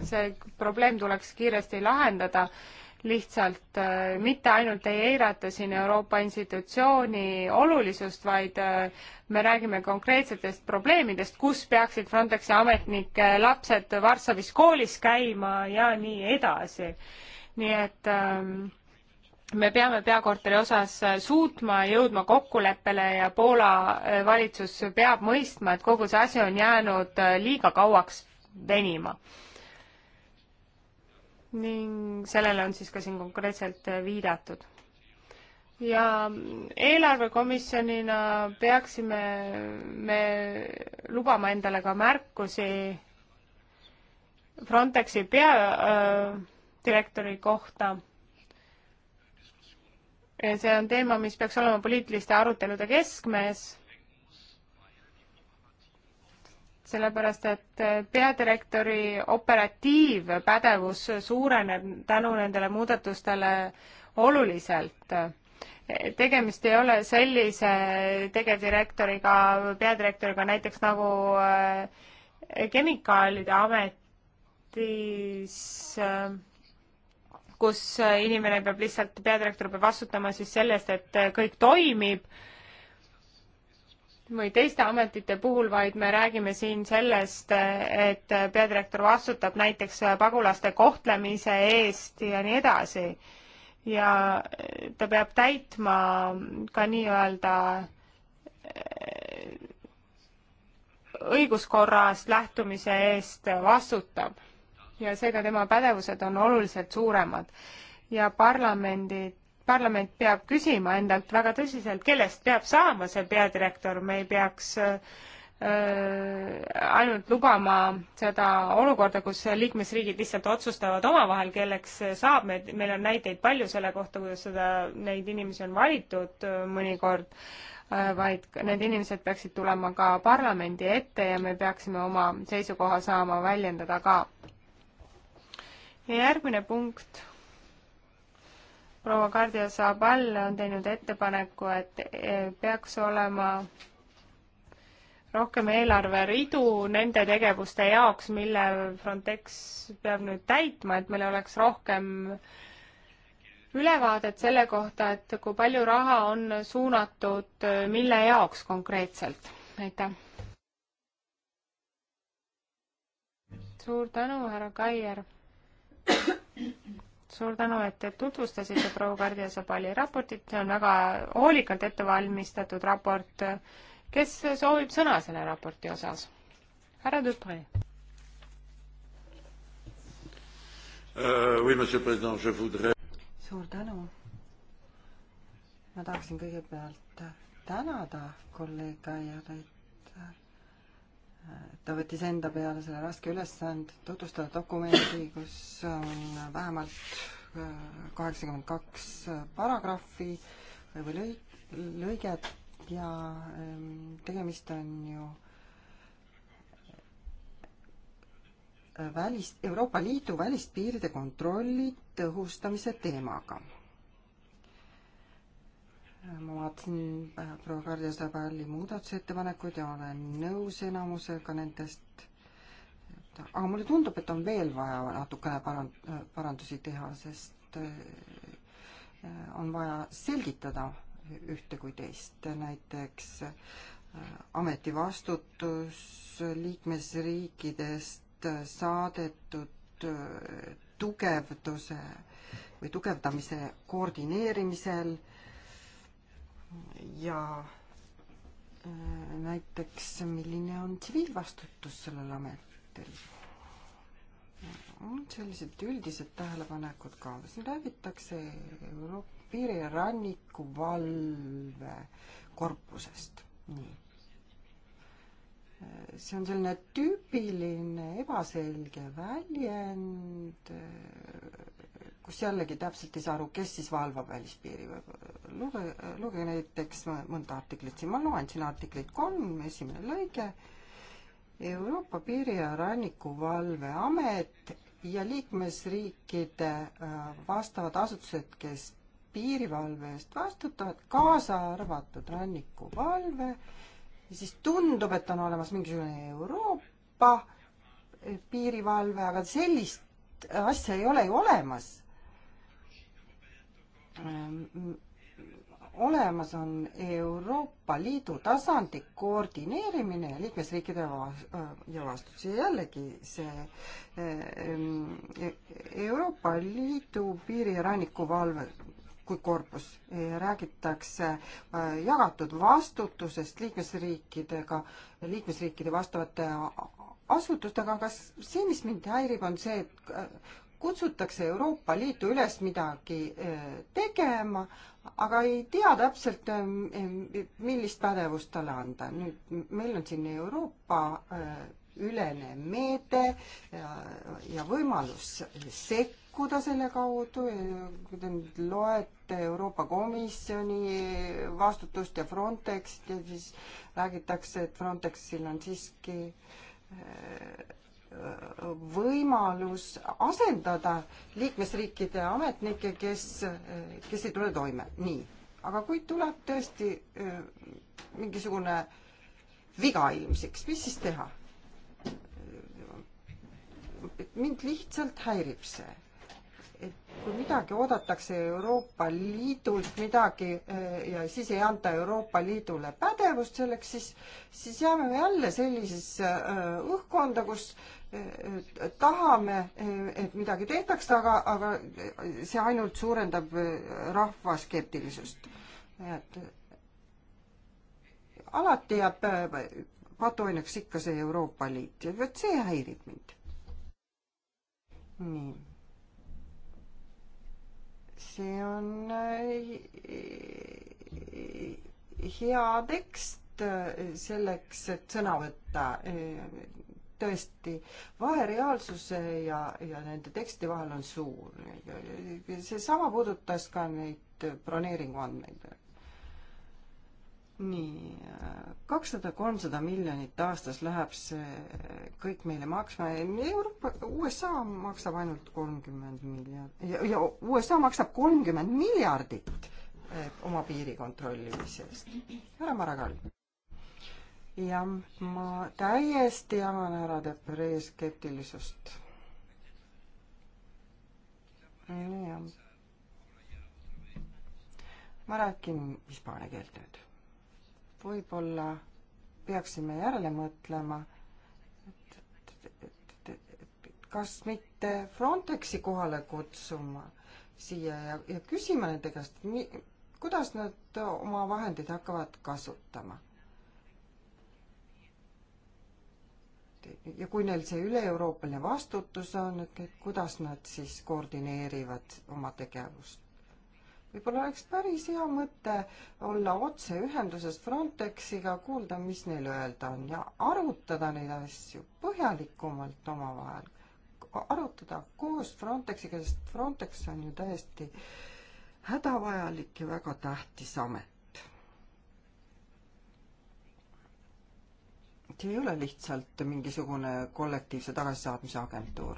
see probleem tuleks kiiresti lahendada lihtsalt mitte ainult ei eirata siin Euroopa institutsiooni olulisust, vaid me räägime konkreetsetest probleemidest, kus peaksid Frontexi ametnike lapsed Varssavis koolis käima ja nii edasi nii et ähm, me peame peakorteri osas äh, suutma jõudma kokkuleppele ja Poola äh, valitsus peab mõistma, et kogu see asi on jäänud äh, liiga kauaks venima. ning sellele on siis ka siin konkreetselt viidatud. ja mm, eelarvekomisjonina peaksime me lubama endale ka märkusi Frontexi pea öö, direktori kohta. see on teema, mis peaks olema poliitiliste arutelude keskmes sellepärast, et peadirektori operatiivpädevus suureneb tänu nendele muudatustele oluliselt. tegemist ei ole sellise tegevdirektoriga, peadirektoriga näiteks nagu äh, kemikaalide ametis äh, kus äh, inimene peab lihtsalt, peadirektor peab vastutama siis selle eest, et äh, kõik toimib või teiste ametite puhul, vaid me räägime siin sellest, äh, et peadirektor vastutab näiteks pagulaste kohtlemise eest ja nii edasi. ja ta peab täitma ka nii-öelda õiguskorrast lähtumise eest vastutab ja seega tema pädevused on oluliselt suuremad. ja parlamendid, parlament peab küsima endalt väga tõsiselt, kellest peab saama see peadirektor, me ei peaks öö, äh, äh, ainult lubama seda olukorda, kus liikmesriigid lihtsalt otsustavad omavahel, kelleks saab, me, meil on näiteid palju selle kohta, kuidas seda, neid inimesi on valitud äh, mõnikord vaid need inimesed peaksid tulema ka parlamendi ette ja me peaksime oma seisukoha saama väljendada ka ja järgmine punkt. proua Kardio Saabal on teinud ettepaneku, et eh, peaks olema rohkem eelarveridu nende tegevuste jaoks, mille Frontex peab nüüd täitma, et meil oleks rohkem ülevaadet selle kohta, et kui palju raha on suunatud, eh, mille jaoks konkreetselt. aitäh. suur tänu, härra Kaier suur tänu, et te tutvustasite proua Kardia Sabali raportit, see on väga hoolikalt ette valmistatud raport. kes soovib sõna selle raporti osas? härra Tüpani uh,. Oui, monsieur president, je voudrais suur tänu. ma tahaksin kõigepealt tänada kolleeg Aiarit ta võttis enda peale selle raske ülesande tutvustada dokumenti, kus on vähemalt äh, kaheksakümmend kaks äh, paragrahvi või lõik, lõiget ja ähm, tegemist on ju äh, välis, Euroopa Liidu välispiiride kontrolli tõhustamise teemaga ma vaatasin äh, proua Karja Sabali muudatusettepanekuid ja olen nõus enamusega nendest. aga mulle tundub, et on veel vaja natukene parand-, äh, parandusi teha, sest äh, on vaja selgitada ühte kui teist, näiteks ametivastutus liikmesriikidest saadetud tugevduse või tugevdamise koordineerimisel äh, ja äh, näiteks milline on tsiviilvastutus sellel ametil? on sellised üldised tähelepanekud ka, siin räägitakse Euroopa piiri ja ranniku valvekorpusest, nii. Äh, see on selline tüüpiline ebaselge väljend äh, kus jällegi täpselt ei saa aru, kes siis valvab välispiiri. luge, lugege näiteks mõnda artiklit siin, ma loen siin artiklit kolm, esimene lõige. Euroopa Piiri- ja Rannikuvalveamet ja liikmesriikide äh, vastavad asutused, kes piirivalve eest vastutavad, kaasa arvatud rannikuvalve, ja siis tundub, et on olemas mingisugune Euroopa äh, piirivalve, aga sellist asja ei ole ju olemas. Ehm, olemas on Euroopa Liidu tasandi koordineerimine liikmesriikide äh, ja vastutus ja jällegi see ehm, Euroopa Liidu piiri ja rannikuvalve kui korpus, eh, räägitakse äh, jagatud vastutusest liikmesriikidega, liikmesriikide vastavate asutustega, aga see, mis mind häirib, on see, et äh, kutsutakse Euroopa Liitu üles midagi eh, tegema, aga ei tea täpselt, eh, millist pädevust talle anda. nüüd meil on siin Euroopa eh, ülene meede ja, ja võimalus sekkuda selle kaudu, kui te nüüd loete Euroopa Komisjoni vastutust ja Frontexit ja siis räägitakse, et Frontexil on siiski äh, võimalus asendada liikmesriikide ametnikke, kes, kes ei tule toime, nii. aga kui tuleb tõesti äh, mingisugune viga ilmsiks, mis siis teha? mind lihtsalt häirib see, et kui midagi oodatakse Euroopa Liidult midagi äh, ja siis ei anta Euroopa Liidule pädevust selleks, siis, siis jääme me jälle sellisesse äh, õhkkonda, kus tahame, et midagi tehtaks, aga, aga see ainult suurendab rahva skeptilisust. et alati jääb patuoinaks ikka see Euroopa Liit ja vot see häirib mind. nii. see on äh, hea tekst selleks, et sõna võtta tõesti, vahe reaalsuse ja, ja nende teksti vahel on suur. seesama puudutas ka neid broneeringuandmeid. nii, kakssada, kolmsada miljonit aastas läheb see kõik meile maksma. Euroopa, USA maksab ainult kolmkümmend miljard ja, ja USA maksab kolmkümmend miljardit eh, oma piiri kontrollimise eest. härra Maragall ja ma täiesti jagan ära Depree skeptilisust. jah. ma räägin hispaania keelt nüüd. võib-olla peaksime järele mõtlema, et, et, et, et, et kas mitte Frontexi kohale kutsuma siia ja, ja küsima nende käest, kuidas nad oma vahendeid hakkavad kasutama et ja kui neil see üle-euroopaline vastutus on, et kuidas nad siis koordineerivad oma tegevust? võib-olla oleks päris hea mõte olla otseühenduses Frontexiga, kuulda, mis neil öelda on ja arutada neid asju põhjalikumalt omavahel. arutada koos Frontexiga, sest Frontex on ju täiesti hädavajalik ja väga tähtis amet. see ei ole lihtsalt mingisugune kollektiivse tagasisaatmise agentuur.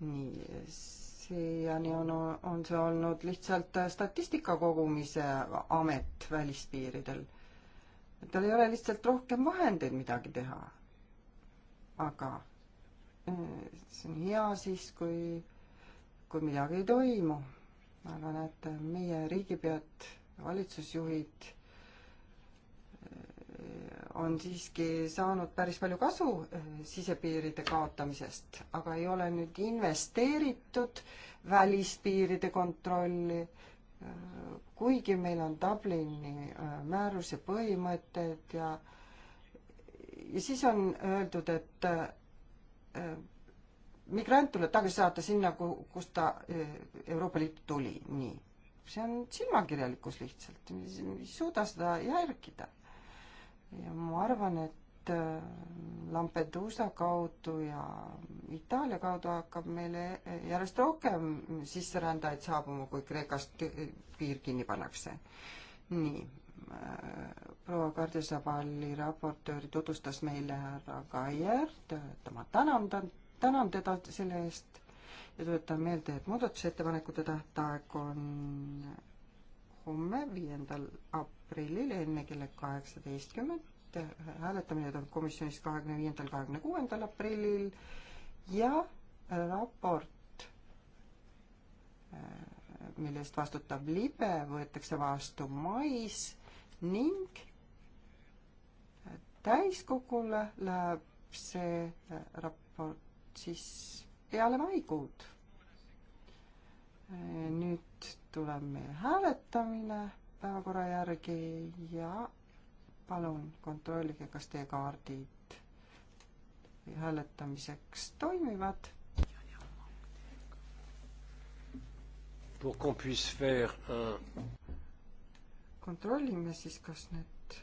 nii, siiani on, on see olnud lihtsalt statistika kogumise amet välispiiridel. tal ei ole lihtsalt rohkem vahendeid midagi teha. aga eh, see on hea siis, kui, kui midagi ei toimu. aga näete, meie riigipead, valitsusjuhid on siiski saanud päris palju kasu eh, sisepiiride kaotamisest, aga ei ole nüüd investeeritud välispiiride kontrolli, eh, kuigi meil on Dublini eh, määruse põhimõtted ja ja siis on öeldud, et migrant tuleb tagasi saata sinna, kust ta Euroopa Liitu tuli, nii. see on silmakirjalikkus lihtsalt, me ei suuda seda järgida ja ma arvan, et äh, Lampedusa kaudu ja Itaalia kaudu hakkab meile äh, järjest rohkem sisserändajaid saabuma, kui Kreekast äh, piir kinni pannakse. nii, proua Kardesabali raportööri tutvustas meile härra Kaier, ma tänan ta, tänan teda selle eest ja tuletan meelde, et muudatusettepanekute tähtaeg on homme, viiendal aprillil aprillil, enne kella kaheksateistkümmet. hääletamine toimub komisjonis kahekümne viiendal, kahekümne kuuendal aprillil ja raport, mille eest vastutab libe, võetakse vastu mais ning täiskogule läheb see raport siis peale maikuud. nüüd tuleb meil hääletamine päevakorra järgi ja palun kontrollige, kas teie kaardid hääletamiseks toimivad. Euh, kontrollime siis, kas need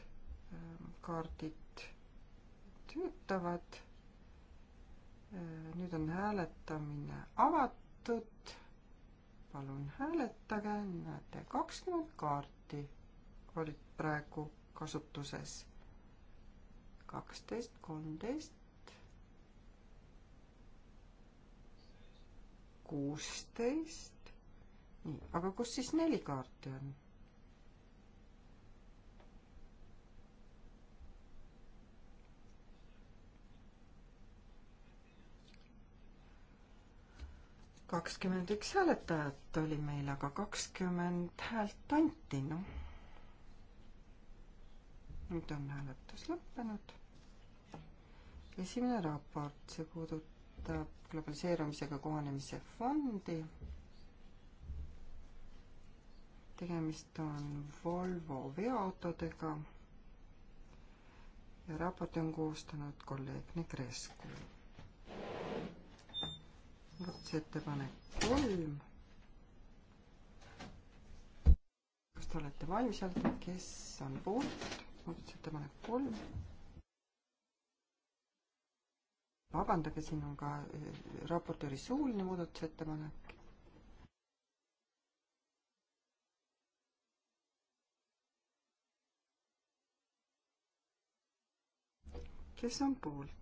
ähm, kaardid töötavad. Äh, nüüd on hääletamine avatud palun hääletage, näete kakskümmend kaarti protsenti olid praegu kasutuses. kaksteist, kolmteist, kuusteist, nii, aga kus siis neli kaarti on? kakskümmend üks hääletajat oli meil, aga kakskümmend häält anti, noh. nüüd on hääletus lõppenud. esimene raport, see puudutab globaliseerumisega kohanemise fondi. tegemist on Volvo veoautodega ja raporti on koostanud kolleeg Negrescu muudatusettepanek kolm. kas te olete valmis hääletama, kes on poolt? muudatusettepanek kolm. vabandage, siin on ka eh, raportööri suuline muudatusettepanek. kes on poolt?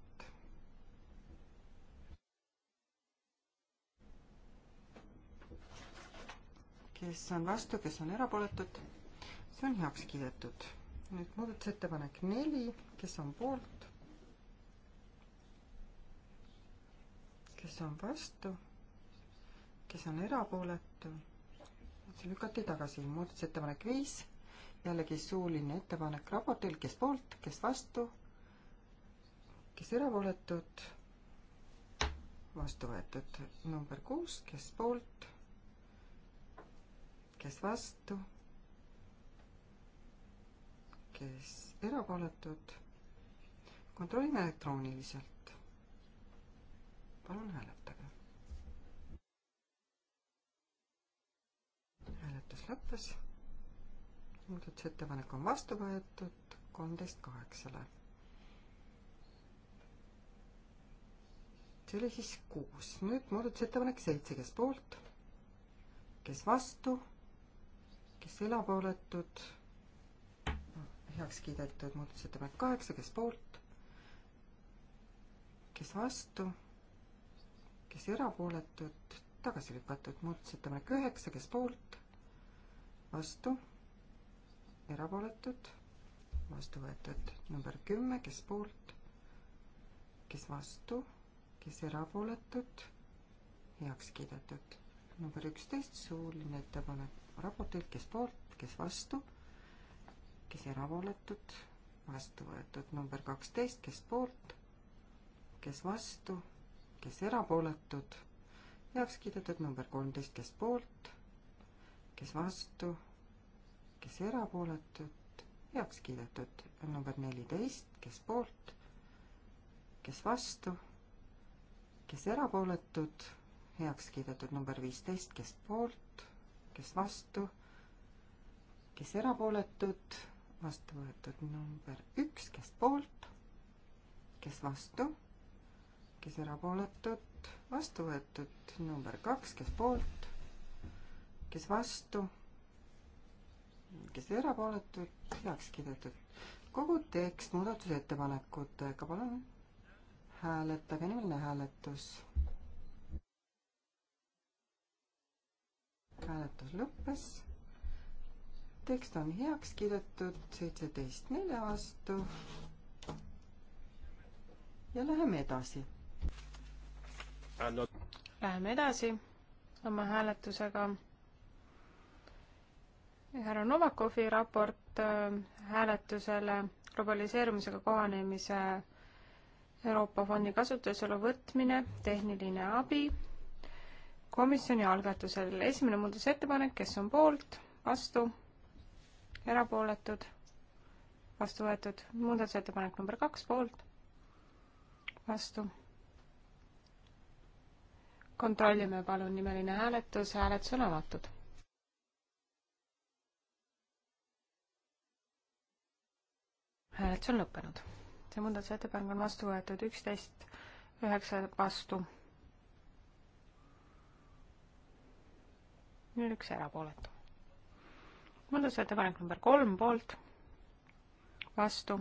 kes on vastu, kes on erapooletud, see on heaks kiidetud. nüüd muudatusettepanek neli, kes on poolt, kes on vastu, kes on erapooletu, see lükati tagasi. muudatusettepanek viis, jällegi suuline ettepanek raportil, kes poolt, kes vastu, kes erapooletud, vastu võetud. number kuus, kes poolt kes vastu, kes erapooletud. kontrollime elektrooniliselt. palun hääletage. hääletus lõppes. muudatusettepanek on vastu võetud kolmteist kaheksale. see oli siis kuus, nüüd muudatusettepanek seitse, kes poolt, kes vastu kes erapooletud, heaks kiidetud muudatusettepanek kaheksa, kes poolt, kes vastu, kes erapooletud, tagasi lükatud muudatusettepanek üheksa, kes poolt, vastu, erapooletud, vastu võetud number kümme, kes poolt, kes vastu, kes erapooletud, heaks kiidetud number üksteist, suuline ettepanek raportööd, kes poolt, kes vastu, kes erapooletud, vastu võetud number kaksteist, kes poolt, kes vastu, kes erapooletud, heaks kiidetud number kolmteist, kes poolt, kes vastu, kes erapooletud, heaks kiidetud number neliteist, kes poolt, kes vastu, kes erapooletud, heaks kiidetud number viisteist, kes poolt kes vastu, kes erapooletud, vastu võetud number üks, kes poolt, kes vastu, kes erapooletud, vastu võetud number kaks, kes poolt, kes vastu, kes erapooletud, heaks kiidetud. kogu tekst muudatusettepanekutega, palun hääletage, nimeline hääletus hääletus lõppes. tekst on heaks kiidetud, seitseteist nelja vastu. ja läheme edasi. Läheme edasi oma hääletusega. härra Novakovi raport äh, hääletusele globaliseerumisega kohanemise Euroopa Fondi kasutusele võtmine, tehniline abi komisjoni algatusel. esimene muudatusettepanek, kes on poolt, vastu, erapooletud, vastu võetud. muudatusettepanek number kaks, poolt, vastu. kontrollime palun, nimeline hääletus, hääletus on avatud. hääletus on lõppenud. see muudatusettepanek on vastu võetud üksteist üheksa vastu nüüd üks erapooletu. muudatusettepanek number kolm poolt, vastu,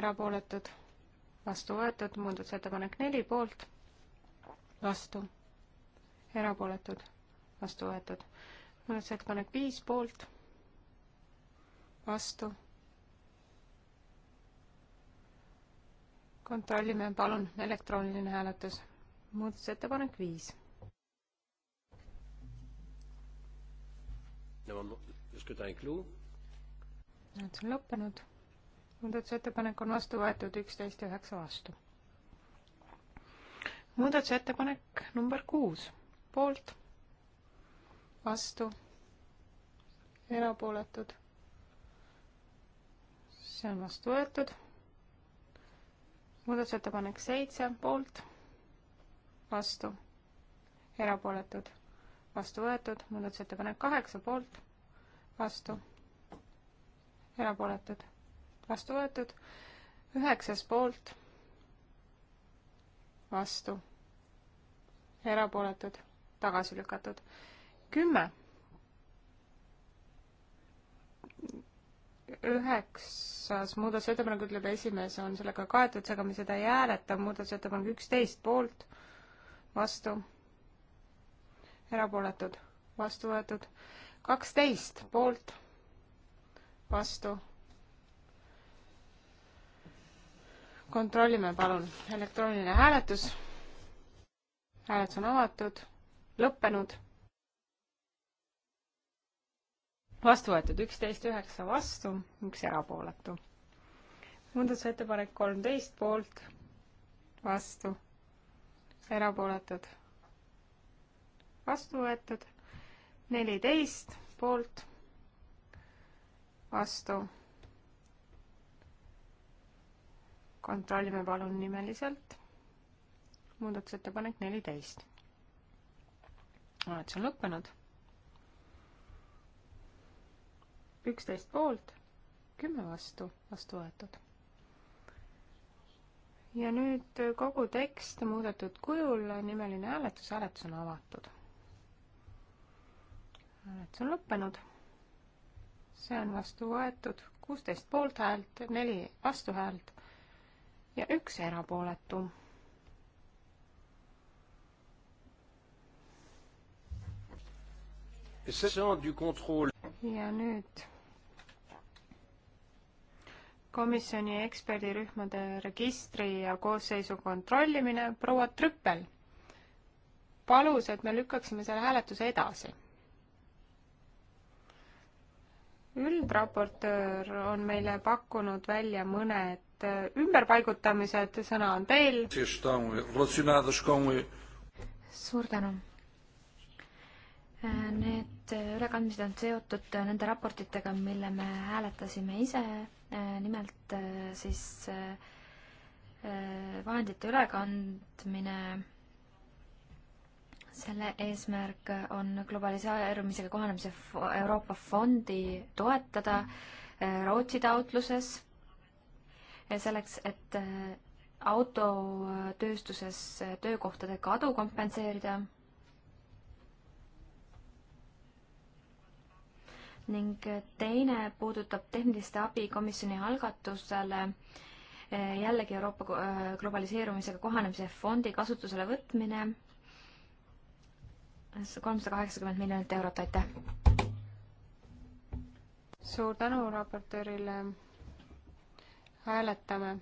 erapooletud, vastu võetud, muudatusettepanek neli poolt, vastu, erapooletud, vastu võetud, muudatusettepanek viis poolt, vastu. kontrollime, palun, elektrooniline hääletus, muudatusettepanek viis Le scrutin est clos. nüüd see on lõppenud. muudatusettepanek on vastu võetud üksteist ja üheksa vastu. muudatusettepanek number kuus, poolt, vastu, erapooletud. see on vastu võetud. muudatusettepanek seitse, poolt, vastu, erapooletud vastu võetud, muudatusettepanek kaheksa poolt, vastu, erapooletud, vastu võetud, üheksas poolt, vastu, erapooletud, tagasi lükatud, kümme, üheksas muudatusettepanek, ütleb esimees, on sellega kaetud, seega me seda ei hääleta, muudatusettepanek üksteist poolt, vastu erapooletud, vastu võetud. kaksteist poolt, vastu. kontrollime palun, elektrooniline hääletus. hääletus on avatud, lõppenud. vastu võetud üksteist, üheksa vastu, üks erapooletu. muudatusettepanek kolmteist poolt, vastu, erapooletud vastu võetud, neliteist poolt, vastu. kontrollime palun nimeliselt. muudatusettepanek neliteist. oled sa lõppenud? üksteist poolt, kümme vastu, vastu võetud ja nüüd kogu tekst muudetud kujul, nimeline hääletus, hääletus on avatud hääletus on lõppenud. see on vastu võetud, kuusteist poolthäält, neli vastuhäält ja üks erapooletu. ja nüüd komisjoni eksperdirühmade registri ja koosseisu kontrollimine proua Trüppel palus, et me lükkaksime selle hääletuse edasi üldraportöör on meile pakkunud välja mõned äh, ümberpaigutamised, sõna on teil. Eh, suur tänu. Äh, need äh, ülekandmised on seotud nende raportitega, mille me hääletasime ise, nimelt siis vahendite ülekandmine selle eesmärk on globaliseerumisega kohanemise Euroopa fondi toetada äh, Rootsi taotluses selleks, et äh, autotööstuses äh, töökohtade kadu kompenseerida. ning teine puudutab tehniliste abi komisjoni algatusele jällegi Euroopa globaliseerumisega kohanemise fondi kasutusele võtmine kolmsada kaheksakümmend miljonit eurot, aitäh! suur tänu raportöörile, hääletame.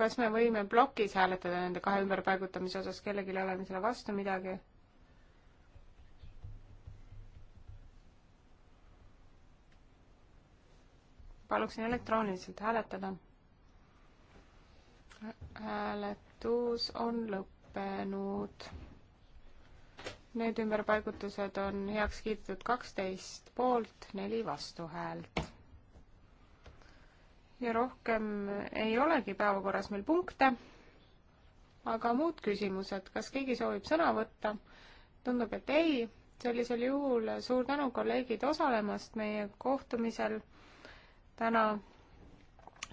kas me võime plokis hääletada nende kahe ümberpaigutamise osas, kellelgi oleme selle vastu midagi? paluksin elektrooniliselt hääletada. hääletus on lõppenud Need ümberpaigutused on heaks kiidetud kaksteist poolt, neli vastuhäält. ja rohkem ei olegi päevakorras meil punkte. aga muud küsimused, kas keegi soovib sõna võtta? tundub, et ei. sellisel juhul suur tänu, kolleegid, osalemast meie kohtumisel täna.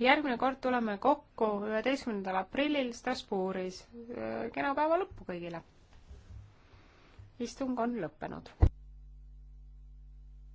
järgmine kord tuleme kokku üheteistkümnendal aprillil Strasbourgis. kena päeva lõppu kõigile! istung on lõppenud.